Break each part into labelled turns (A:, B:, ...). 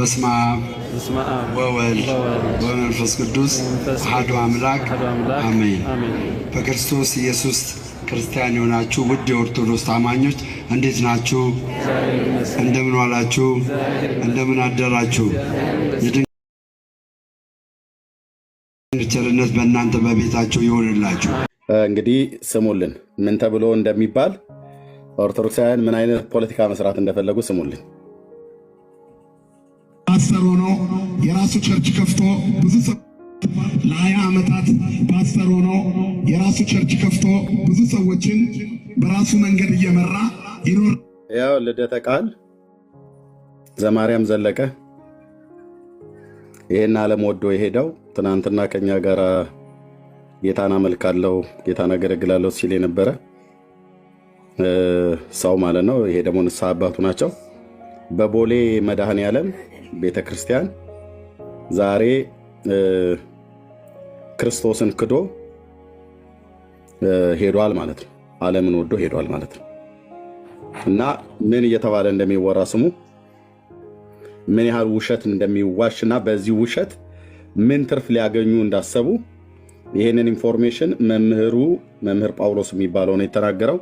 A: በስመ አብ ወወልድ ወመንፈስ ቅዱስ አሐዱ አምላክ አሜን። በክርስቶስ ኢየሱስ ክርስቲያን የሆናችሁ ውድ የኦርቶዶክስ ታማኞች እንዴት ናችሁ? እንደምን ዋላችሁ? እንደምን አደራችሁ? ቸርነት በእናንተ በቤታቸው ይሆንላችሁ።
B: እንግዲህ ስሙልን፣ ምን ተብሎ እንደሚባል ኦርቶዶክሳውያን ምን አይነት ፖለቲካ መስራት እንደፈለጉ ስሙልን።
A: ፓስተር ሆኖ የራሱ ቸርች ከፍቶ ብዙ ለሀያ ዓመታት ፓስተር ሆኖ የራሱ ቸርች ከፍቶ ብዙ ሰዎችን በራሱ መንገድ እየመራ ይኖር።
B: ያው ልደተ ቃል ዘማርያም ዘለቀ ይህን ዓለም ወዶ የሄደው ትናንትና ከኛ ጋር ጌታን አመልካለው ጌታን አገለግላለሁ ሲል የነበረ ሰው ማለት ነው። ይሄ ደግሞ ንስሐ አባቱ ናቸው። በቦሌ መድኃኔ ቤተ ክርስቲያን ዛሬ ክርስቶስን ክዶ ሄዷል ማለት ነው። ዓለምን ወዶ ሄዷል ማለት ነው እና ምን እየተባለ እንደሚወራ ስሙ ምን ያህል ውሸት እንደሚዋሽ እና በዚህ ውሸት ምን ትርፍ ሊያገኙ እንዳሰቡ ይህንን ኢንፎርሜሽን መምህሩ መምህር ጳውሎስ የሚባለው ነው የተናገረው።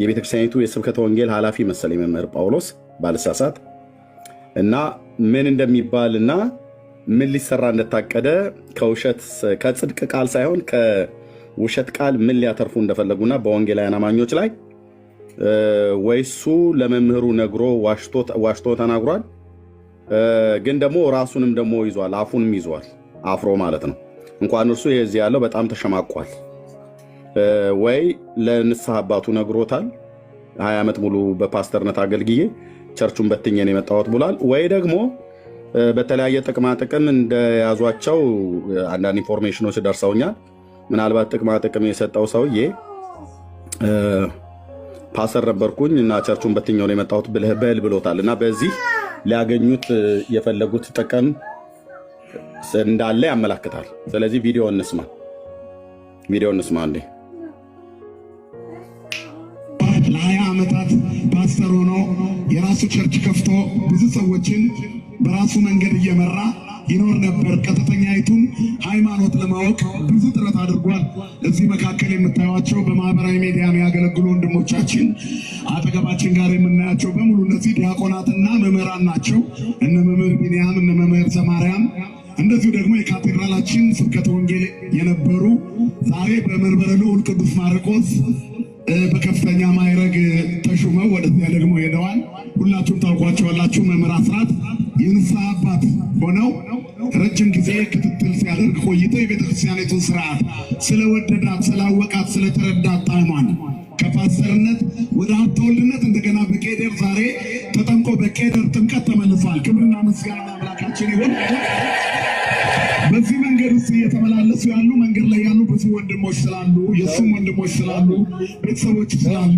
B: የቤተክርስቲያኒቱ የስብከተ ወንጌል ኃላፊ መሰለኝ መምህር ጳውሎስ ባልሳሳት እና ምን እንደሚባል እና ምን ሊሰራ እንደታቀደ ከውሸት ከጽድቅ ቃል ሳይሆን ከውሸት ቃል ምን ሊያተርፉ እንደፈለጉና በወንጌላውያን አማኞች ላይ ወይሱ ለመምህሩ ነግሮ ዋሽቶ ተናግሯል። ግን ደግሞ ራሱንም ደግሞ ይዟል፣ አፉንም ይዟል። አፍሮ ማለት ነው። እንኳን እርሱ የዚህ ያለው በጣም ተሸማቋል። ወይ ለንስሐ አባቱ ነግሮታል። ሀያ ዓመት ሙሉ በፓስተርነት አገልግዬ ቸርቹን በትኜ ነው የመጣሁት ብሏል። ወይ ደግሞ በተለያየ ጥቅማ ጥቅም እንደያዟቸው አንዳንድ ኢንፎርሜሽኖች ደርሰውኛል። ምናልባት ጥቅማ ጥቅም የሰጠው ሰውዬ ፓሰር ነበርኩኝ እና ቸርቹን በትኜ ነው የመጣሁት በል ብሎታል እና በዚህ ሊያገኙት የፈለጉት ጥቅም እንዳለ ያመላክታል። ስለዚህ ቪዲዮ እንስማ፣ ቪዲዮ እንስማ እንዴ
A: ለሀያ ዓመታት ፓስተር ሆኖ የራሱ ቸርች ከፍቶ ብዙ ሰዎችን በራሱ መንገድ እየመራ ይኖር ነበር። ቀጥተኛይቱን ሃይማኖት ለማወቅ ብዙ ጥረት አድርጓል። እዚህ መካከል የምታዩቸው በማህበራዊ ሚዲያ የሚያገለግሉ ወንድሞቻችን አጠገባችን ጋር የምናያቸው በሙሉ እነዚህ ዲያቆናትና መምህራን ናቸው። እነ መምህር ቢንያም፣ እነ መምህር ዘማርያም እንደዚሁ ደግሞ የካቴድራላችን ስብከተ ወንጌል የነበሩ ዛሬ በመንበረ ልዑል ቅዱስ ማርቆስ በከፍተኛ ማዕረግ ተሹመው ወደዚያ ደግሞ ሄደዋል። ሁላችሁም ታውቋቸዋላችሁ። መምህር አስራት የንስሐ አባት ሆነው ረጅም ጊዜ ክትትል ሲያደርግ ቆይተው የቤተክርስቲያኒቱን ስርዓት ስለወደዳት፣ ስላወቃት፣ ስለተረዳት ጣዕሟን ከፓስተርነት ወደ ሀብተወልድነት እንደገና በቄደር ዛሬ ተጠምቆ በቄደር ጥምቀት ተመልሷል። ክብርና ምስጋና አምላካችን ይሁን። ሀገር ውስጥ እየተመላለሱ ያሉ መንገድ ላይ ያሉ ብዙ ወንድሞች ስላሉ የእሱም ወንድሞች ስላሉ ቤተሰቦች ስላሉ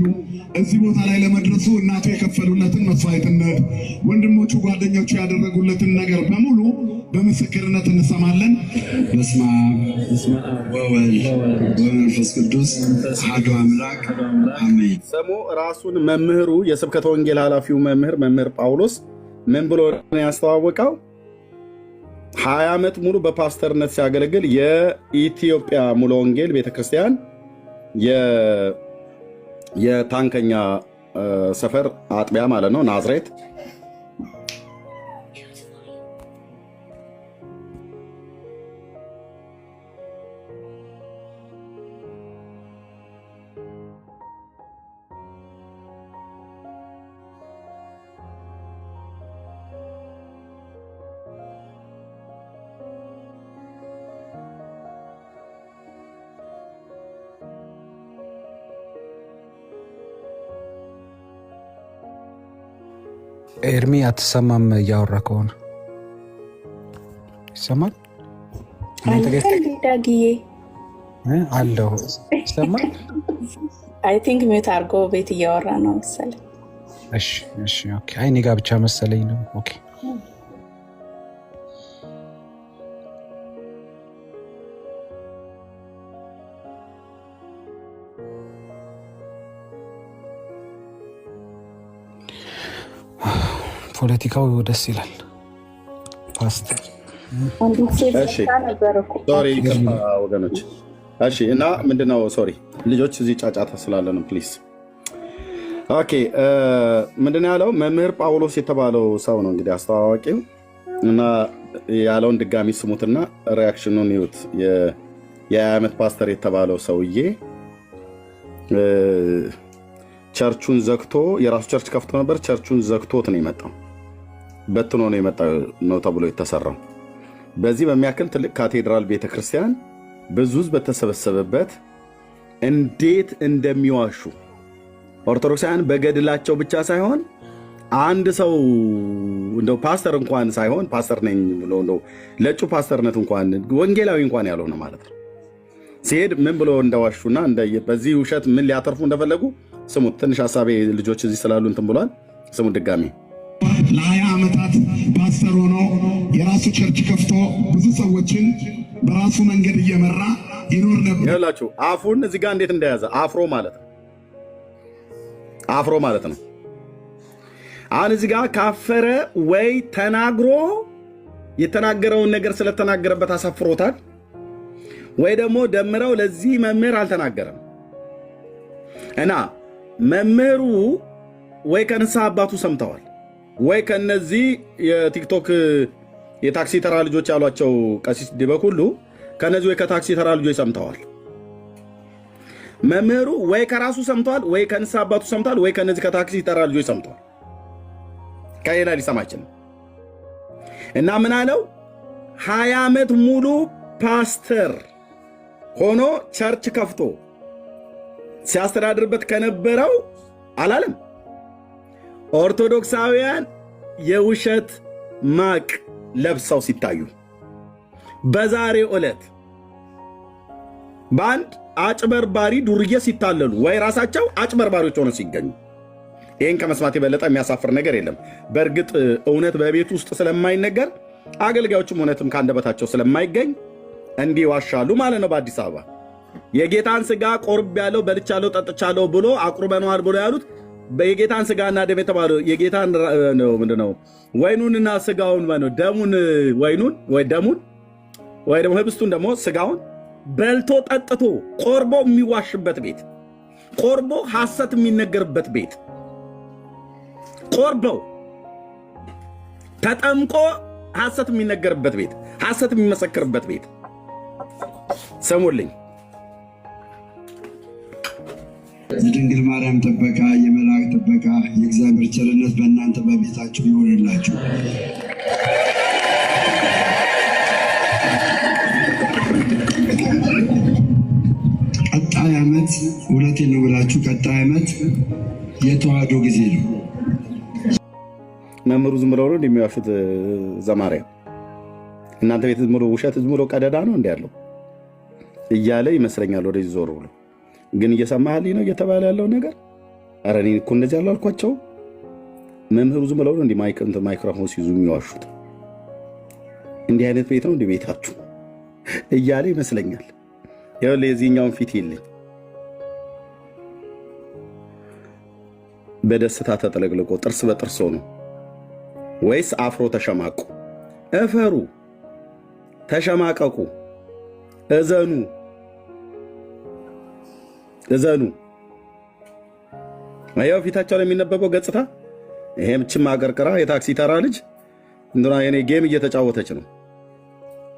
A: እዚህ ቦታ ላይ ለመድረሱ እናቱ የከፈሉለትን መስዋዕትነት ወንድሞቹ ጓደኞቹ ያደረጉለትን ነገር በሙሉ በምስክርነት እንሰማለን። በስመ
C: አብ
A: ወወልድ ወመንፈስ ቅዱስ አሐዱ አምላክ አሜን።
B: ስሙ ራሱን መምህሩ የስብከተ ወንጌል ኃላፊው መምህር መምህር ጳውሎስ ምን ብሎ ነው ያስተዋወቀው? ሀያ ዓመት ሙሉ በፓስተርነት ሲያገለግል የኢትዮጵያ ሙሉ ወንጌል ቤተክርስቲያን የታንከኛ ሰፈር አጥቢያ ማለት ነው ናዝሬት
D: ኤርሚ አትሰማም። እያወራ ከሆነ ይሰማል። ዳግዬ አለው ይሰማል።
E: አይ ቲንክ አድርጎ ቤት እያወራ ነው መሰለኝ።
D: እሺ እሺ። ኦኬ። አይ እኔ ጋ ብቻ መሰለኝ ነው። ኦኬ ፖለቲካው ደስ ይላል።
B: ወገኖች እሺ። እና ምንድነው ሶሪ ልጆች እዚህ ጫጫታ ስላለ ነው ፕሊዝ። ኦኬ ምንድን ያለው መምህር ጳውሎስ የተባለው ሰው ነው እንግዲህ አስተዋዋቂው እና ያለውን ድጋሚ ስሙትና ሪያክሽኑን ይዩት። የሀያ ዓመት ፓስተር የተባለው ሰውዬ ቸርቹን ዘግቶ የራሱ ቸርች ከፍቶ ነበር። ቸርቹን ዘግቶት ነው የመጣው። በትኖ ነው የመጣ ነው ተብሎ የተሰራው። በዚህ በሚያክል ትልቅ ካቴድራል ቤተክርስቲያን ብዙ ህዝብ በተሰበሰበበት እንዴት እንደሚዋሹ ኦርቶዶክሳውያን በገድላቸው ብቻ ሳይሆን አንድ ሰው እንደው ፓስተር እንኳን ሳይሆን ፓስተር ነኝ ብሎ እንደው ለጩ ፓስተርነት እንኳን ወንጌላዊ እንኳን ያልሆነ ማለት ነው ሲሄድ ምን ብሎ እንደዋሹና በዚህ ውሸት ምን ሊያተርፉ እንደፈለጉ ስሙት። ትንሽ ሀሳቤ ልጆች እዚህ ስላሉ እንትን ብሏል። ስሙት ድጋሜ
A: ለሀያ ዓመታት ፓስተር ሆኖ የራሱ ቸርች ከፍቶ ብዙ ሰዎችን በራሱ መንገድ እየመራ ይኖር ነበር።
B: ይላችሁ አፉን እዚህ ጋር እንዴት እንደያዘ አፍሮ ማለት ነው። አፍሮ ማለት ነው። አሁን እዚህ ጋር ካፈረ ወይ ተናግሮ የተናገረውን ነገር ስለተናገረበት አሳፍሮታል፣ ወይ ደግሞ ደምረው ለዚህ መምህር አልተናገረም እና መምህሩ ወይ ከንስሐ አባቱ ሰምተዋል ወይ ከነዚህ የቲክቶክ የታክሲ ተራ ልጆች ያሏቸው ቀሲስ ዲበክ ሁሉ ከነዚህ ወይ ከታክሲ ተራ ልጆች ሰምተዋል። መምህሩ ወይ ከራሱ ሰምተዋል፣ ወይ ከንስሐ አባቱ ሰምተዋል፣ ወይ ከነዚህ ከታክሲ ተራ ልጆች ሰምተዋል። ከሌላ ሊሰማችን እና ምን አለው ሀያ ዓመት ሙሉ ፓስተር ሆኖ ቸርች ከፍቶ ሲያስተዳድርበት ከነበረው አላለም ኦርቶዶክሳውያን የውሸት ማቅ ለብሰው ሲታዩ በዛሬ ዕለት በአንድ አጭበርባሪ ዱርዬ ሲታለሉ ወይ ራሳቸው አጭበርባሪዎች ሆነው ሲገኙ ይህን ከመስማት የበለጠ የሚያሳፍር ነገር የለም። በእርግጥ እውነት በቤት ውስጥ ስለማይነገር አገልጋዮችም እውነትም ከአንደበታቸው ስለማይገኝ እንዲህ ዋሻሉ ማለት ነው። በአዲስ አበባ የጌታን ስጋ ያለው በልቻለው ጠጥቻለው ብሎ አቁርበነዋል ብሎ ያሉት የጌታን ስጋና ደም የተባለው የጌታን ምንድን ነው ወይኑንና ስጋውን ነው ደሙን ወይኑን ወይ ደሙን ወይ ደግሞ ህብስቱን ደግሞ ስጋውን በልቶ ጠጥቶ ቆርቦ የሚዋሽበት ቤት ቆርቦ ሐሰት የሚነገርበት ቤት ቆርበው ተጠምቆ ሐሰት የሚነገርበት ቤት ሐሰት የሚመሰክርበት ቤት ስሙልኝ።
A: የድንግል ማርያም ጥበቃ፣ የመልአክ ጥበቃ፣ የእግዚአብሔር ቸርነት በእናንተ በቤታችሁ ይሆንላችሁ። ቀጣይ ዓመት እውነቴን ነው ብላችሁ ቀጣይ ዓመት የተዋህዶ ጊዜ ነው።
B: መምህሩ ዝም ብሎ እንደሚዋሽት ዘማሪያ እናንተ ቤት ዝም ብሎ ውሸት ዝም ብሎ ቀደዳ ነው እንዲ ያለው እያለ ይመስለኛል ወደዚህ ዞር ብሎ ግን እየሰማህልኝ ነው እየተባለ ያለው ነገር። ኧረ እኔ እኮ እንደዚህ ያለው መምህሩ ዝም ብለው ነው እንዲህ ማይክሮፎን ሲይዙ የሚዋሹት። እንዲህ አይነት ቤት ነው እንዲህ ቤታችሁ እያለ ይመስለኛል። ይኸውልህ የዚህኛውን ፊት የለኝ በደስታ ተጠለቅልቆ ጥርስ በጥርስ ሆኖ ወይስ አፍሮ ተሸማቁ? እፈሩ፣ ተሸማቀቁ፣ እዘኑ። እዘኑ። ያው ፊታቸው ላይ የሚነበበው ገጽታ ይሄም ችማ ቀርቅራ የታክሲ ተራ ልጅ እንደና የኔ ጌም እየተጫወተች ነው።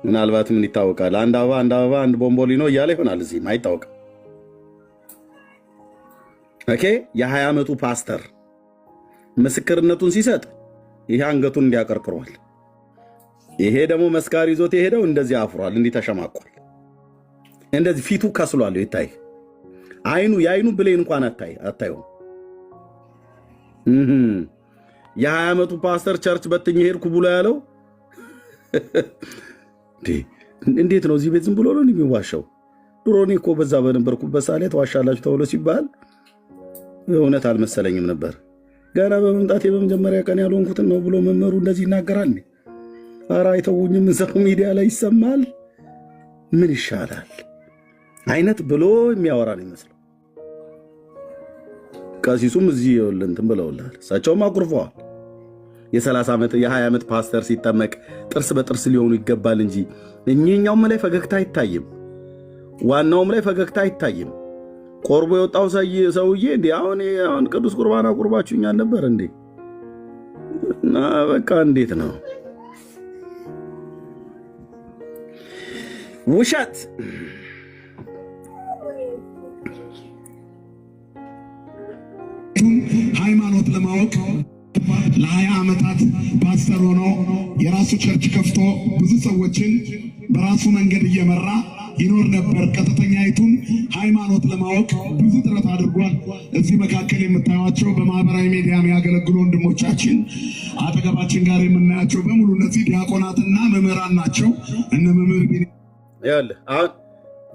B: ምናልባት ምን ይታወቃል፣ አንድ አበባ አንድ አበባ አንድ ቦምቦሊኖ እያለ ይሆናል። እዚህም አይታወቅም። ኦኬ የ20 ዓመቱ ፓስተር ምስክርነቱን ሲሰጥ ይሄ አንገቱን እንዲያቀርቅሯል። ይሄ ደግሞ መስካሪ ይዞት የሄደው እንደዚህ አፍሯል፣ እንዲህ ተሸማቋል፣ እንደዚህ ፊቱ ከስሏል ይታይ አይኑ የአይኑ ብሌን እንኳን አታየውም። የሀያ ዓመቱ ፓስተር ቸርች በትኝ ሄድኩ ብሎ ያለው እንዴት ነው? እዚህ ቤት ዝም ብሎ ነው የሚዋሻው? ድሮ እኔ እኮ በዛ በነበርኩበት ሳሌ ተዋሻላችሁ ተብሎ ሲባል እውነት አልመሰለኝም ነበር። ገና በመምጣቴ በመጀመሪያ ቀን ያልሆንኩትን ነው ብሎ መምህሩ እንደዚህ ይናገራል። ኧረ አይተውኝም፣ እዛው ሚዲያ ላይ ይሰማል። ምን ይሻላል አይነት ብሎ የሚያወራ ነው ይመስላል። ቀሲሱም እዚህ እንትን ብለውልሃል። እሳቸውም አቁርፈዋል። የ30 ዓመት የ20 ዓመት ፓስተር ሲጠመቅ ጥርስ በጥርስ ሊሆኑ ይገባል እንጂ እኚህኛውም ላይ ፈገግታ አይታይም፣ ዋናውም ላይ ፈገግታ አይታይም። ቆርቦ የወጣው ሰውዬ እንዲ አሁን አሁን ቅዱስ ቁርባን አቁርባችሁኛል ነበር እንዴ? እና በቃ እንዴት ነው ውሸት
A: ሃይማኖት ለማወቅ ለሀያ ዓመታት ፓስተር ሆኖ የራሱ ቸርች ከፍቶ ብዙ ሰዎችን በራሱ መንገድ እየመራ ይኖር ነበር። ቀጥተኛይቱን ሃይማኖት ለማወቅ ብዙ ጥረት አድርጓል። እዚህ መካከል የምታዩቸው በማህበራዊ ሚዲያ የሚያገለግሉ ወንድሞቻችን አጠገባችን ጋር የምናያቸው በሙሉ እነዚህ ዲያቆናትና መምህራን ናቸው። እነ መምህር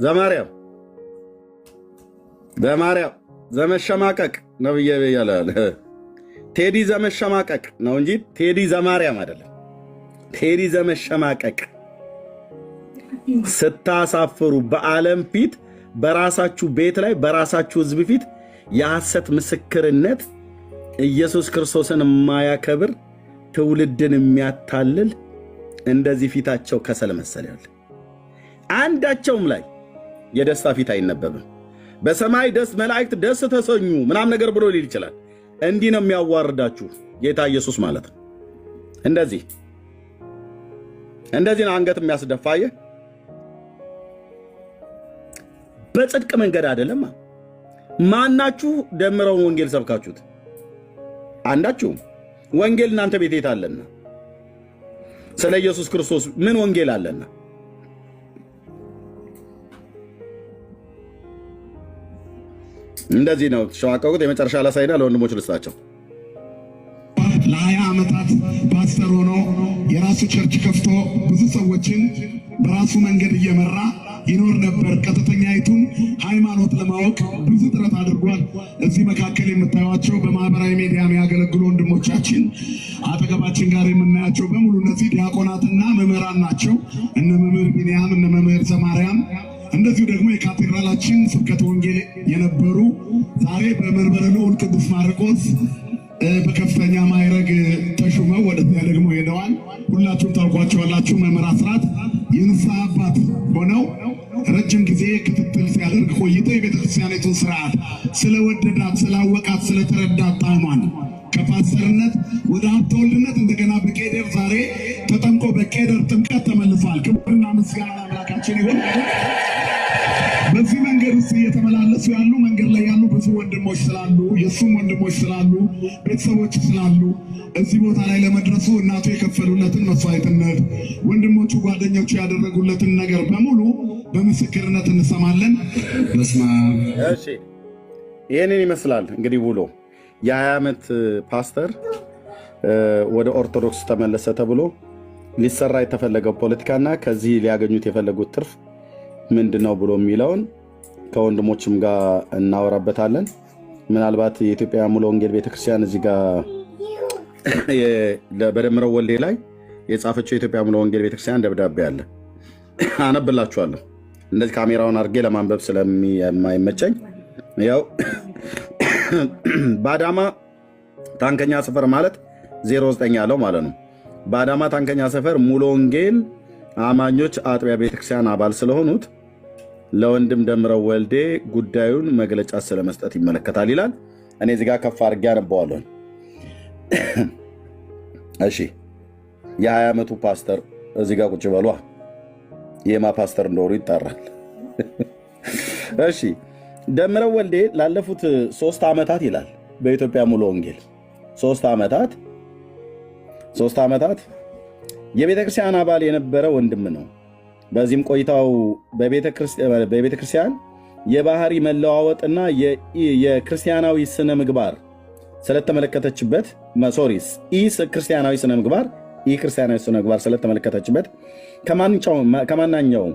B: ዘማርያም ዘማርያም ዘመሸማቀቅ ነው ብዬ ብያለሁ። ቴዲ ዘመሸማቀቅ ነው እንጂ ቴዲ ዘማርያም አይደለም። ቴዲ ዘመሸማቀቅ ስታሳፍሩ፣ በዓለም ፊት በራሳችሁ ቤት ላይ በራሳችሁ ሕዝብ ፊት የሐሰት ምስክርነት ኢየሱስ ክርስቶስን የማያከብር ትውልድን የሚያታልል እንደዚህ ፊታቸው ከሰል መሰል ያለ አንዳቸውም ላይ የደስታ ፊት አይነበብም። በሰማይ ደስ መላእክት ደስ ተሰኙ ምናም ነገር ብሎ ሊል ይችላል። እንዲህ ነው የሚያዋርዳችሁ ጌታ ኢየሱስ ማለት ነው። እንደዚህ እንደዚህ ነው አንገት የሚያስደፋ አየህ። በጽድቅ መንገድ አይደለም። ማናችሁ ደምረውን ወንጌል ሰብካችሁት? አንዳችሁም። ወንጌል እናንተ ቤት የት አለና? ስለ ኢየሱስ ክርስቶስ ምን ወንጌል አለና? እንደዚህ ነው ሸዋቀቁት። የመጨረሻ ላሳይና ለወንድሞች ልስጣቸው።
A: ለሀያ ዓመታት ፓስተር ሆኖ የራሱ ቸርች ከፍቶ ብዙ ሰዎችን በራሱ መንገድ እየመራ ይኖር ነበር። ቀጥተኛይቱን ሃይማኖት ለማወቅ ብዙ ጥረት አድርጓል። እዚህ መካከል የምታዩቸው በማህበራዊ ሚዲያ የሚያገለግሉ ወንድሞቻችን አጠገባችን ጋር የምናያቸው በሙሉ እነዚህ ዲያቆናትና መምህራን ናቸው። እነ መምህር ቢንያም እነ መምህር ዘማርያም እንደዚሁ ደግሞ የካቴድራላችን ስብከተ ወንጌል የነበሩ ዛሬ በመንበረ ልዑል ቅዱስ ማርቆስ በከፍተኛ ማይረግ ተሹመው ወደዚያ ደግሞ ሄደዋል። ሁላችሁም ታውቋቸዋላችሁ። መምህር አስራት የንስሐ አባት ሆነው ረጅም ጊዜ ክትትል ሲያደርግ ቆይቶ የቤተክርስቲያኒቱን ስርዓት ስለወደዳት፣ ስላወቃት፣ ስለተረዳት ጣዕሟን ከፓስተርነት ወደ ሀብተወልድነት እንደገና በቄደር ዛሬ ተጠምቆ በቄደር ጥምቀት ተመልሷል። ክብርና ምስጋና አምላካችን ይሁን። በዚህ መንገድ ውስጥ እየተመላለሱ ያሉ መንገድ ላይ ያሉ ብዙ ወንድሞች ስላሉ የእሱም ወንድሞች ስላሉ ቤተሰቦች ስላሉ እዚህ ቦታ ላይ ለመድረሱ እናቱ የከፈሉለትን መስዋዕትነት፣ ወንድሞቹ ጓደኞቹ ያደረጉለትን ነገር በሙሉ በምስክርነት እንሰማለን።
B: ይህንን ይመስላል እንግዲህ ውሎ የሀያ ዓመት ፓስተር ወደ ኦርቶዶክስ ተመለሰ ተብሎ ሊሰራ የተፈለገው ፖለቲካና ከዚህ ሊያገኙት የፈለጉት ትርፍ ምንድን ነው ብሎ የሚለውን ከወንድሞችም ጋር እናወራበታለን። ምናልባት የኢትዮጵያ ሙሉ ወንጌል ቤተክርስቲያን እዚህ ጋር በደምረው ወልዴ ላይ የጻፈችው የኢትዮጵያ ሙሉ ወንጌል ቤተክርስቲያን ደብዳቤ አለ፣ አነብላችኋለሁ። እንደዚህ ካሜራውን አድርጌ ለማንበብ ስለማይመቸኝ ያው በአዳማ ታንከኛ ሰፈር ማለት 09 ያለው ማለት ነው። በአዳማ ታንከኛ ሰፈር ሙሉ ወንጌል አማኞች አጥቢያ ቤተክርስቲያን አባል ስለሆኑት ለወንድም ደምረው ወልዴ ጉዳዩን መግለጫ ስለመስጠት ይመለከታል ይላል። እኔ እዚህ ጋር ከፍ አድርጌ አነበዋለሁ። እሺ የ20 ዓመቱ ፓስተር እዚህ ጋር ቁጭ በሏ። የማ ፓስተር እንደሆኑ ይጠራል። እሺ ደምረው ወልዴ ላለፉት ሶስት ዓመታት ይላል በኢትዮጵያ ሙሉ ወንጌል ሶስት ዓመታት ሶስት ዓመታት የቤተክርስቲያን አባል የነበረ ወንድም ነው በዚህም ቆይታው በቤተ ክርስቲያን የባህሪ መለዋወጥና የክርስቲያናዊ ስነ ምግባር ስለተመለከተችበት ሶሪስ ኢ ክርስቲያናዊ ስነ ምግባር ኢ ክርስቲያናዊ ስነ ምግባር ስለተመለከተችበት ከማናኛውም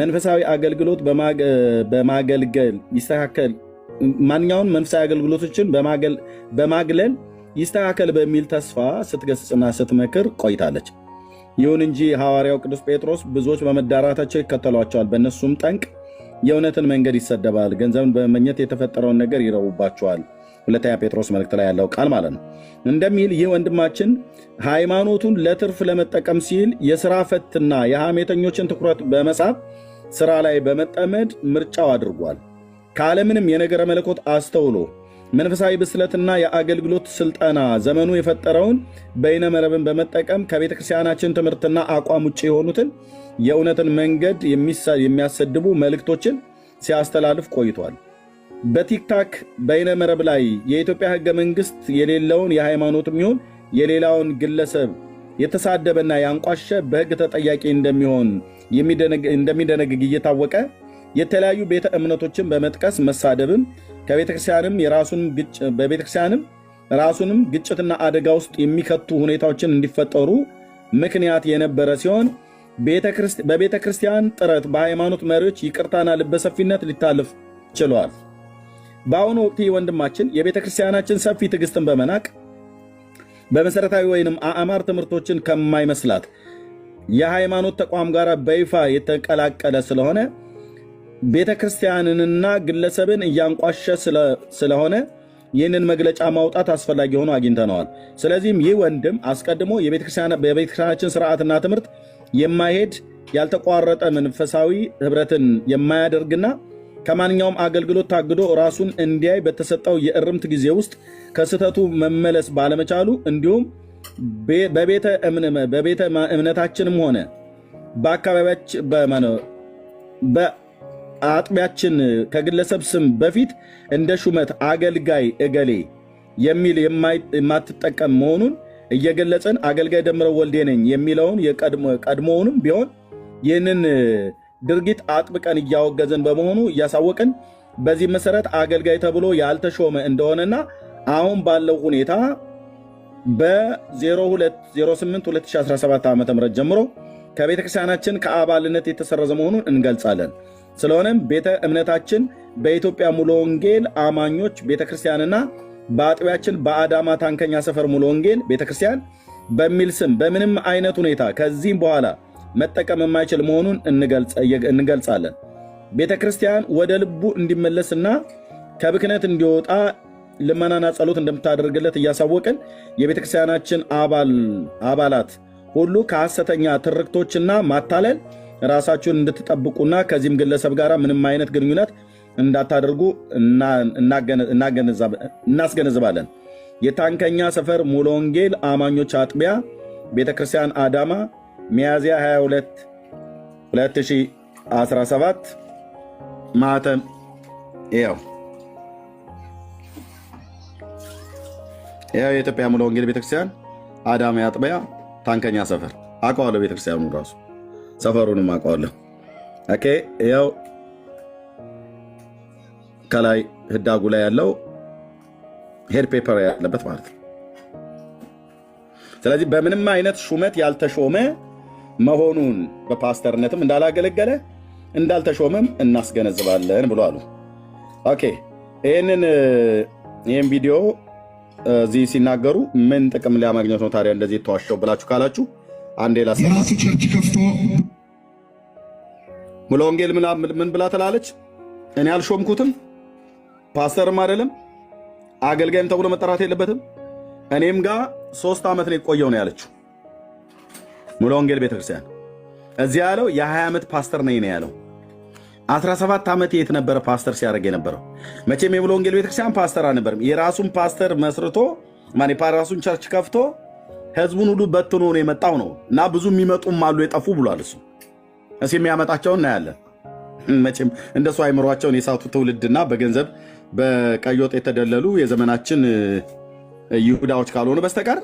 B: መንፈሳዊ አገልግሎት በማገልገል ይስተካከል ማንኛውን መንፈሳዊ አገልግሎቶችን በማግለል ይስተካከል በሚል ተስፋ ስትገስጽና ስትመክር ቆይታለች። ይሁን እንጂ ሐዋርያው ቅዱስ ጴጥሮስ ብዙዎች በመዳራታቸው ይከተሏቸዋል፣ በእነሱም ጠንቅ የእውነትን መንገድ ይሰደባል፣ ገንዘብን በመመኘት የተፈጠረውን ነገር ይረቡባቸዋል። ሁለተኛ ጴጥሮስ መልእክት ላይ ያለው ቃል ማለት ነው። እንደሚል ይህ ወንድማችን ሃይማኖቱን ለትርፍ ለመጠቀም ሲል የስራ ፈትና የሐሜተኞችን ትኩረት በመሳብ ስራ ላይ በመጠመድ ምርጫው አድርጓል። ካለምንም የነገረ መለኮት አስተውሎ መንፈሳዊ ብስለትና የአገልግሎት ስልጠና ዘመኑ የፈጠረውን በይነ መረብን በመጠቀም ከቤተ ክርስቲያናችን ትምህርትና አቋም ውጭ የሆኑትን የእውነትን መንገድ የሚያሰድቡ መልእክቶችን ሲያስተላልፍ ቆይቷል። በቲክታክ በይነ መረብ ላይ የኢትዮጵያ ሕገ መንግሥት የሌለውን የሃይማኖትም ይሁን የሌላውን ግለሰብ የተሳደበና ያንቋሸ በሕግ ተጠያቂ እንደሚሆን እንደሚደነግግ እየታወቀ የተለያዩ ቤተ እምነቶችን በመጥቀስ መሳደብም ከቤተክርስቲያንም የራሱን በቤተክርስቲያንም ራሱንም ግጭትና አደጋ ውስጥ የሚከቱ ሁኔታዎችን እንዲፈጠሩ ምክንያት የነበረ ሲሆን በቤተ ክርስቲያን ጥረት በሃይማኖት መሪዎች ይቅርታና ልበሰፊነት ሊታለፍ ችሏል። በአሁኑ ወቅት ወንድማችን የቤተ ክርስቲያናችን ሰፊ ትዕግስትን በመናቅ በመሠረታዊ ወይንም አእማር ትምህርቶችን ከማይመስላት የሃይማኖት ተቋም ጋር በይፋ የተቀላቀለ ስለሆነ ቤተ ክርስቲያንንና ግለሰብን እያንቋሸ ስለሆነ ይህንን መግለጫ ማውጣት አስፈላጊ ሆኖ አግኝተነዋል። ስለዚህም ይህ ወንድም አስቀድሞ የቤተክርስቲያናችን ስርዓትና ትምህርት የማይሄድ ያልተቋረጠ መንፈሳዊ ህብረትን የማያደርግና ከማንኛውም አገልግሎት ታግዶ ራሱን እንዲያይ በተሰጠው የእርምት ጊዜ ውስጥ ከስህተቱ መመለስ ባለመቻሉ እንዲሁም በቤተ እምነታችንም ሆነ በአካባቢያችን አጥቢያችን ከግለሰብ ስም በፊት እንደ ሹመት አገልጋይ እገሌ የሚል የማትጠቀም መሆኑን እየገለጸን አገልጋይ ደምረው ወልዴ ነኝ የሚለውን ቀድሞውንም ቢሆን ይህንን ድርጊት አጥብቀን እያወገዝን በመሆኑ እያሳወቅን በዚህ መሰረት አገልጋይ ተብሎ ያልተሾመ እንደሆነና አሁን ባለው ሁኔታ በ08/2017 ም ጀምሮ ከቤተክርስቲያናችን ከአባልነት የተሰረዘ መሆኑን እንገልጻለን። ስለሆነም ቤተ እምነታችን በኢትዮጵያ ሙሉ ወንጌል አማኞች ቤተ ክርስቲያንና በአጥቢያችን በአዳማ ታንከኛ ሰፈር ሙሉ ወንጌል ቤተ ክርስቲያን በሚል ስም በምንም አይነት ሁኔታ ከዚህም በኋላ መጠቀም የማይችል መሆኑን እንገልጻለን። ቤተ ክርስቲያን ወደ ልቡ እንዲመለስና ከብክነት እንዲወጣ ልመናና ጸሎት እንደምታደርግለት እያሳወቅን የቤተ ክርስቲያናችን አባላት ሁሉ ከሐሰተኛ ትርክቶችና ማታለል ራሳችሁን እንድትጠብቁና ከዚህም ግለሰብ ጋር ምንም አይነት ግንኙነት እንዳታደርጉ እናስገነዝባለን። የታንከኛ ሰፈር ሙሉ ወንጌል አማኞች አጥቢያ ቤተክርስቲያን አዳማ ሚያዝያ 22 2017 ማተም ያው ያው የኢትዮጵያ ሙሉ ወንጌል ቤተክርስቲያን አዳማ አጥቢያ ታንከኛ ሰፈር አውቀዋለሁ ቤተክርስቲያኑ ራሱ ሰፈሩንም አውቀዋለሁ። ኦኬ ያው ከላይ ህዳጉ ላይ ያለው ሄድ ፔፐር ያለበት ማለት ነው። ስለዚህ በምንም አይነት ሹመት ያልተሾመ መሆኑን በፓስተርነትም እንዳላገለገለ እንዳልተሾመም እናስገነዝባለን ብሎ አሉ። ኦኬ ይህንን ይህን ቪዲዮ እዚህ ሲናገሩ ምን ጥቅም ሊያማግኘት ነው ታዲያ እንደዚህ የተዋሸው ብላችሁ ካላችሁ አንዴ ላስ
A: የራሱ ቸርች ከፍቶ
B: ሙሉ ወንጌል ምን ብላ ትላለች? እኔ አልሾምኩትም፣ ፓስተርም አይደለም አገልጋይም ተብሎ መጠራት የለበትም። እኔም ጋር ሶስት ዓመት ነው የቆየው ነው ያለችው። ሙሉ ወንጌል ቤተክርስቲያን እዚያ ያለው የ20 ዓመት ፓስተር ነኝ ነው ያለው። 17 ዓመት የት ነበረ ፓስተር ሲያደርግ የነበረው? መቼም የሙሉ ወንጌል ቤተክርስቲያን ፓስተር አልነበርም። የራሱን ፓስተር መስርቶ ራሱን ቸርች ከፍቶ ህዝቡን ሁሉ በትኖ ነው የመጣው ነው እና ብዙ የሚመጡም አሉ የጠፉ ብሏል እሱ እስ የሚያመጣቸውን እናያለን። መቼም እንደሱ አይምሯቸውን የሳቱ ትውልድና በገንዘብ በቀይ ወጥ የተደለሉ የዘመናችን ይሁዳዎች ካልሆኑ በስተቀር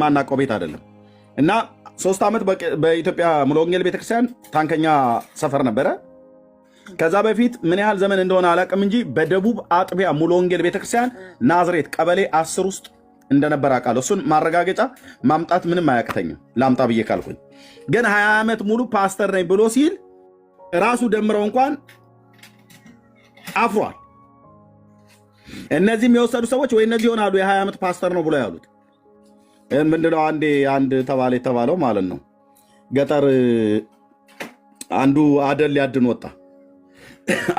B: ማናቀው ቤት አይደለም እና ሶስት ዓመት በኢትዮጵያ ሙሉ ወንጌል ቤተክርስቲያን ታንከኛ ሰፈር ነበረ። ከዛ በፊት ምን ያህል ዘመን እንደሆነ አላውቅም እንጂ በደቡብ አጥቢያ ሙሉ ወንጌል ቤተክርስቲያን ናዝሬት ቀበሌ አስር ውስጥ እንደነበር አውቃለሁ። እሱን ማረጋገጫ ማምጣት ምንም አያቅተኝም። ላምጣ ብዬ ካልኩኝ ግን ሀያ ዓመት ሙሉ ፓስተር ነኝ ብሎ ሲል ራሱ ደምረው እንኳን አፍሯል። እነዚህም የወሰዱ ሰዎች ወይ እነዚህ ይሆናሉ የሀያ ዓመት ፓስተር ነው ብሎ ያሉት ምንድነው? አንዴ አንድ ተባለ የተባለው ማለት ነው። ገጠር አንዱ አደል ሊያድን ወጣ።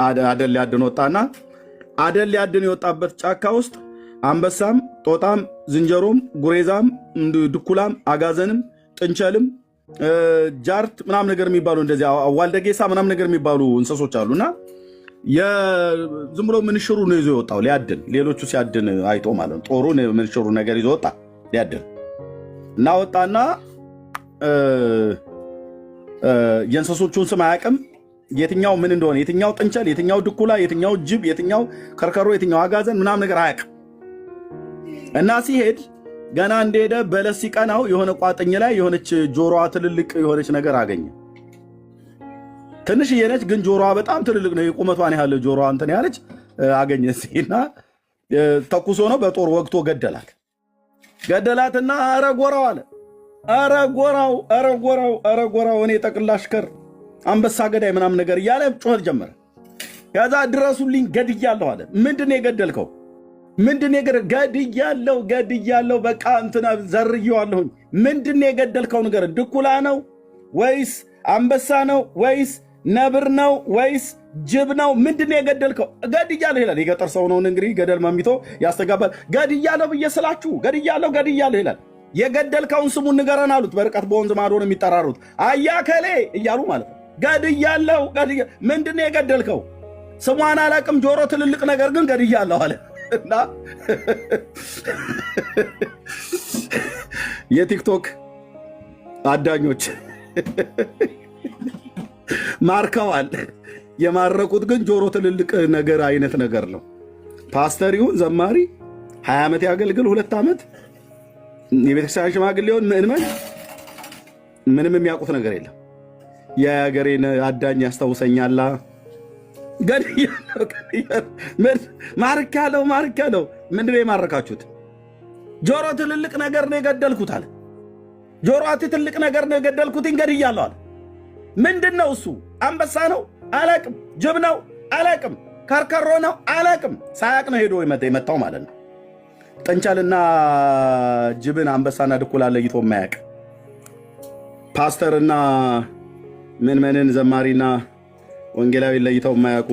B: አደል ሊያድን ወጣና አደል ሊያድን የወጣበት ጫካ ውስጥ አንበሳም፣ ጦጣም፣ ዝንጀሮም፣ ጉሬዛም፣ ድኩላም፣ አጋዘንም፣ ጥንቸልም፣ ጃርት ምናም ነገር የሚባሉ እንደዚህ ዋልደጌሳ ምናም ነገር የሚባሉ እንስሶች አሉና ዝም ብሎ ምንሽሩ ነው ይዞ የወጣው ሊያድን። ሌሎቹ ሲያድን አይቶ ማለት ነው። ጦሩ ምንሽሩ ነገር ይዞ ወጣ ሊያድን እና ወጣና የእንስሶቹን ስም አያውቅም። የትኛው ምን እንደሆነ፣ የትኛው ጥንቸል፣ የትኛው ድኩላ፣ የትኛው ጅብ፣ የትኛው ከርከሮ፣ የትኛው አጋዘን ምናም ነገር አያውቅም። እና ሲሄድ ገና እንደሄደ በለስ ሲቀናው የሆነ ቋጥኝ ላይ የሆነች ጆሮዋ ትልልቅ የሆነች ነገር አገኘ። ትንሽዬ ነች፣ ግን ጆሮዋ በጣም ትልልቅ ነው። የቁመቷን ያህል ጆሮዋ እንትን ያለች አገኘ እና ተኩሶ ነው በጦር ወግቶ ገደላት። ገደላትና ኧረ ጎራው አለ። ኧረ ጎራው፣ ኧረ ጎራው፣ ጎራው እኔ ጠቅላሽከር አንበሳ ገዳይ ምናምን ነገር እያለ ጩኸት ጀመረ። ከዛ ድረሱልኝ ገድያለሁ አለ። ምንድን ነው የገደልከው? ምንድን የገደ ገድያለሁ ገድያለሁ በቃ እንትና ዘርየዋለሁኝ። ምንድን የገደልከው ነገር? ድኩላ ነው ወይስ አንበሳ ነው ወይስ ነብር ነው ወይስ ጅብ ነው? ምንድን የገደልከው? ገድያለሁ ይላል። የገጠር ሰው ነውን እንግዲህ ገደል መሚቶ ያስተጋባል። ገድያለሁ ብዬ ስላችሁ ገድያለሁ ገድያለሁ ይላል። የገደልከውን ስሙን ንገረን አሉት። በርቀት በወንዝ ማዶን ነው የሚጠራሩት። አያከሌ እያሉ ማለት ነው። ገድያለሁ ምንድን የገደልከው? ስሟን አላቅም ጆሮ ትልልቅ ነገር ግን ገድያለሁ አለ። እና የቲክቶክ አዳኞች ማርከዋል። የማረኩት ግን ጆሮ ትልልቅ ነገር አይነት ነገር ነው። ይሁን ዘማሪ ሀያ ዓመት ያገልግል ሁለት ዓመት የቤተክርስቲያን ሽማግሌ ሊሆን ምዕመን ምንም የሚያውቁት ነገር የለም። የአገሬን አዳኝ ያስታውሰኛላ ማርካ ነው ማርካ ነው። ምንድን ነው የማረካችሁት? ጆሮ ትልልቅ ነገር ነው የገደልኩት አለ። ጆሮአት ትልቅ ነገር ነው የገደልኩት ገድያለሁ አለ። ምንድን ነው እሱ? አንበሳ ነው አላቅም፣ ጅብ ነው አላቅም፣ ከርከሮ ነው አላቅም። ሳያቅ ነው ሄዶ የመጣው ማለት ነው። ጥንቸልና ጅብን አንበሳና ድኩላ ለይቶ ማያቅ ፓስተርና ምንመንን ዘማሪና ወንጌላዊ ለይተው የማያውቁ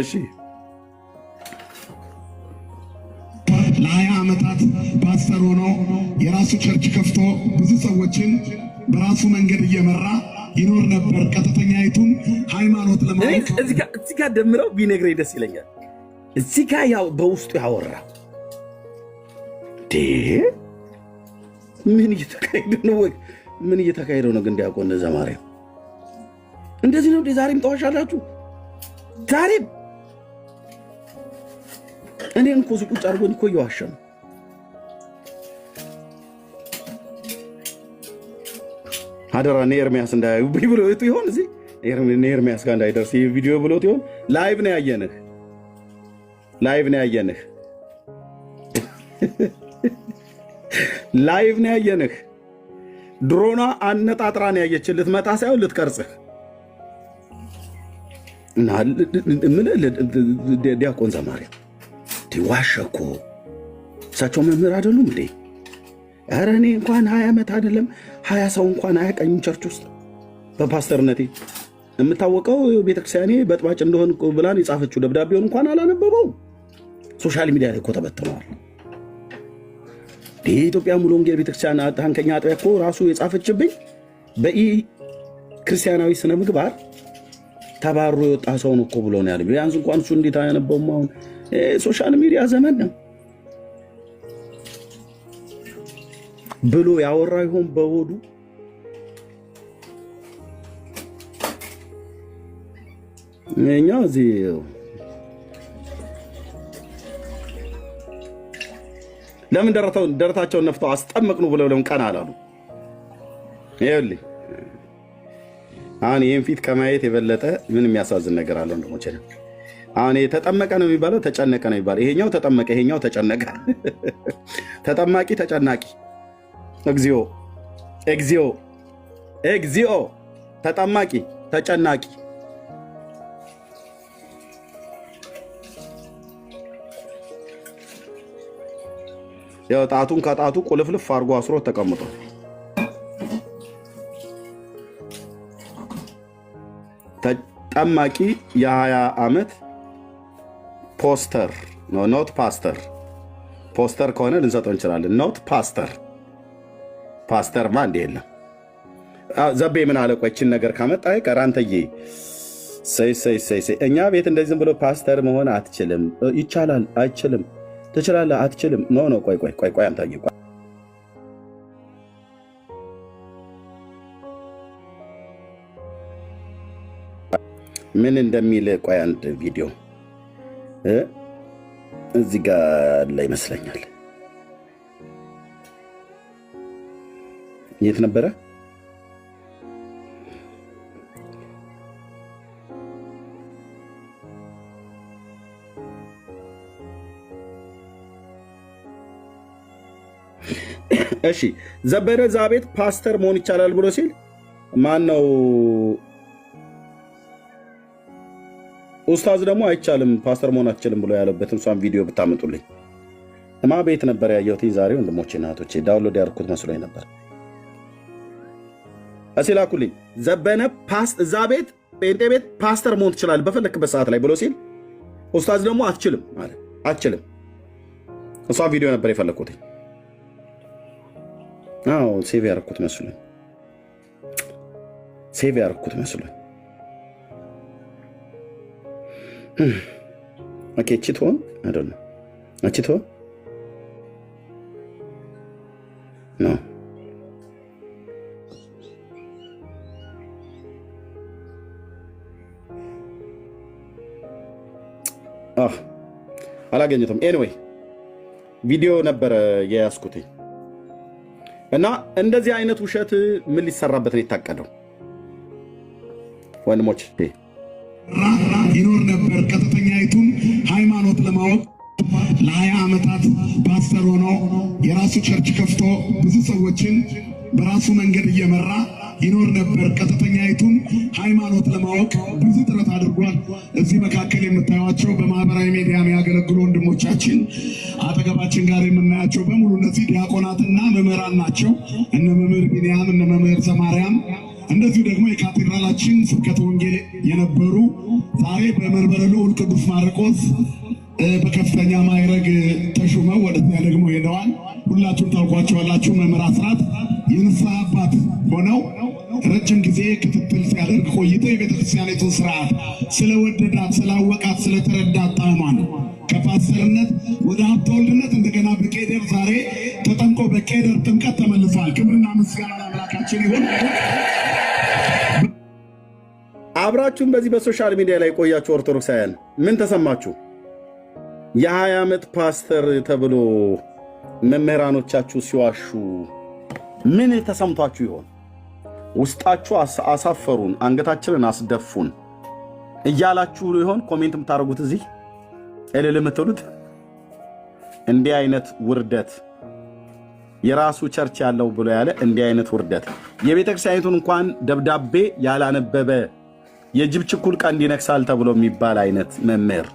B: እሺ
A: ለሀያ ዓመታት ፓስተር ሆኖ የራሱ ቸርች ከፍቶ ብዙ ሰዎችን በራሱ መንገድ እየመራ ይኖር ነበር። ቀጥተኛይቱን ሃይማኖት ለማወቅ
B: ጋር ደምረው ቢነግረኝ ደስ ይለኛል። እዚህ ጋር በውስጡ ያወራ ምን እየተካሄደ ነው ወይ ምን እየተካሄደው ነው ግን? ዲያቆን ዘማርያም እንደዚህ ነው። ዛሬም ጠዋሻላችሁ። ዛሬም እኔን እኮ ሱቁ አድርጎኝ እኮ እየዋሸ ነው። አደራ ኤርሚያስ ብሎ ብሎት ይሆን እዚህ ኤርሚያስ ጋር እንዳይደርስ ይህ ቪዲዮ ብሎት ይሆን? ላይቭ ነው ያየንህ፣ ላይቭ ነው ያየንህ፣ ላይቭ ነው ያየንህ ድሮኗ አነጣጥራን ያየችልት ልትመጣ ሳይሆን ልትቀርጽህ ምን ዲያቆን ዘማርያም ዋሸ እኮ እሳቸው መምህር አይደሉም እንዴ? ኧረ እኔ እንኳን ሀያ ዓመት አይደለም ሀያ ሰው እንኳን አያቀኝም ቸርች ውስጥ በፓስተርነቴ የምታወቀው ቤተክርስቲያኔ በጥባጭ እንደሆን ብላን የጻፈችው ደብዳቤውን እንኳን አላነበበው። ሶሻል ሚዲያ ላይ እኮ ተበትነዋል። የኢትዮጵያ ሙሉ ወንጌል ቤተክርስቲያን ሀንከኛ አጥቢያ እኮ ራሱ የጻፈችብኝ በኢ ክርስቲያናዊ ስነ ምግባር ተባሮ የወጣ ሰው ነው እኮ ብሎ ነው ያለ። ቢያንስ እንኳን እሱ እንዴት አያነበውም? አሁን ሶሻል ሚዲያ ዘመን ነው ብሎ ያወራ ይሆን በሆዱ እኛ እዚህ ለምን ደረታቸውን ነፍተው አስጠመቅኑ ብለው ለምን ቀና አላሉ? ይኸውልህ አሁን ይህን ፊት ከማየት የበለጠ ምን የሚያሳዝን ነገር አለ ወንድሞቼ? አሁን ተጠመቀ ነው የሚባለው ተጨነቀ ነው የሚባለው። ይሄኛው ተጠመቀ፣ ይሄኛው ተጨነቀ። ተጠማቂ ተጨናቂ። እግዚኦ፣ እግዚኦ፣ እግዚኦ። ተጠማቂ ተጨናቂ ያው ጣቱን ከጣቱ ቁልፍልፍ አድርጎ አስሮ ተቀምጧል። ተጠማቂ የ20 ዓመት ፖስተር ኖት ፓስተር ፖስተር ከሆነ ልንሰጠው እንችላለን። ኖት ፓስተር ፓስተር ማ እንዲ የለም። ዘቤ ምን አለ? ቆይ ይችን ነገር ካመጣ አይቀር አንተዬ ሰይ ሰይ ሰይ እኛ ቤት እንደዚህም ብሎ ፓስተር መሆን አትችልም። ይቻላል አይችልም ትችላለህ፣ አትችልም። ኖ ኖ፣ ቆይ ቆይ ቆይ ቆይ፣ ቆይ ምን እንደሚል ቆይ፣ አንድ ቪዲዮ እዚህ ጋር አለ ይመስለኛል። የት ነበረ? እሺ ዘበነ ዛቤት ፓስተር መሆን ይቻላል ብሎ ሲል ማን ነው ኡስታዝ ደግሞ አይቻልም ፓስተር መሆን አትችልም ብሎ ያለበት እሷን ቪዲዮ ብታመጡልኝ እማ ቤት ነበር ያየሁት ዛሬ ወንድሞቼ እናቶቼ ዳውንሎድ ያደርኩት መስሎኝ ነበር እሲላኩልኝ ዘበነ እዛ ቤት ጴንጤ ቤት ፓስተር መሆን ትችላል በፈለክበት ሰዓት ላይ ብሎ ሲል ኡስታዝ ደግሞ አትችልም አለ አትችልም እሷን ቪዲዮ ነበር የፈለግኩትኝ አዎ ሴቭ ያደረኩት መስሎኝ ሴቭ ያደረኩት መስሎኝ። ኦኬ እቺ ትሆን አይደለም እቺ አላገኘትም። ኤኒዌይ ቪዲዮ ነበረ የያዝኩትኝ እና እንደዚህ አይነት ውሸት ምን ሊሰራበት ነው የታቀደው? ወንድሞች ይኖር ነበር። ቀጥተኛይቱን ሃይማኖት ለማወቅ ለሀያ ዓመታት ፓስተር ሆኖ የራሱ ቸርች ከፍቶ ብዙ ሰዎችን በራሱ መንገድ እየመራ ይኖር ነበር። ቀጥተኛይቱን ሃይማኖት ለማወቅ ብዙ ጥረት አድርጓል። እዚህ መካከል የምታዩቸው በማህበራዊ ሚዲያ የሚያገለግሉ ወንድሞቻችን አጠገባችን ጋር የምናያቸው በሙሉ እነዚህ ዲያቆናትና መምህራን ናቸው። እነ መምህር ቢንያም፣ እነ መምህር ዘማርያም እንደዚሁ ደግሞ የካቴድራላችን ስብከተ ወንጌል የነበሩ ዛሬ በመንበረ ልዑል ቅዱስ ማርቆስ በከፍተኛ ማይረግ ተሹመው ወደዚያ ደግሞ ሄደዋል። ሁላችሁም ታውቋቸዋላችሁ። መምህር አስራት የንስሐ አባት ሆነው ረጅም ጊዜ ክትትል ሲያደርግ ቆይቶ የቤተክርስቲያኒቱን ስርዓት ስለወደዳት፣ ስላወቃት፣ ስለተረዳት ጣዕሟን ከፓስተርነት ወደ ሀብተ ወልድነት እንደገና በቄደር ዛሬ ተጠምቆ በቄደር ጥምቀት ተመልሷል። ክብርና ምስጋና ለአምላካችን ይሁን። አብራችሁም በዚህ በሶሻል ሚዲያ ላይ ቆያችሁ ኦርቶዶክሳውያን ምን ተሰማችሁ? የሀያ ዓመት ፓስተር ተብሎ መምህራኖቻችሁ ሲዋሹ ምን ተሰምቷችሁ ይሆን? ውስጣችሁ አሳፈሩን፣ አንገታችንን አስደፉን እያላችሁ ይሆን? ኮሜንት የምታደርጉት እዚህ እልል የምትሉት እንዲህ አይነት ውርደት የራሱ ቸርች ያለው ብሎ ያለ እንዲህ አይነት ውርደት የቤተ ክርስቲያኒቱን እንኳን ደብዳቤ ያላነበበ የጅብ ችኩል ቀንድ ይነክሳል ተብሎ የሚባል አይነት መምህር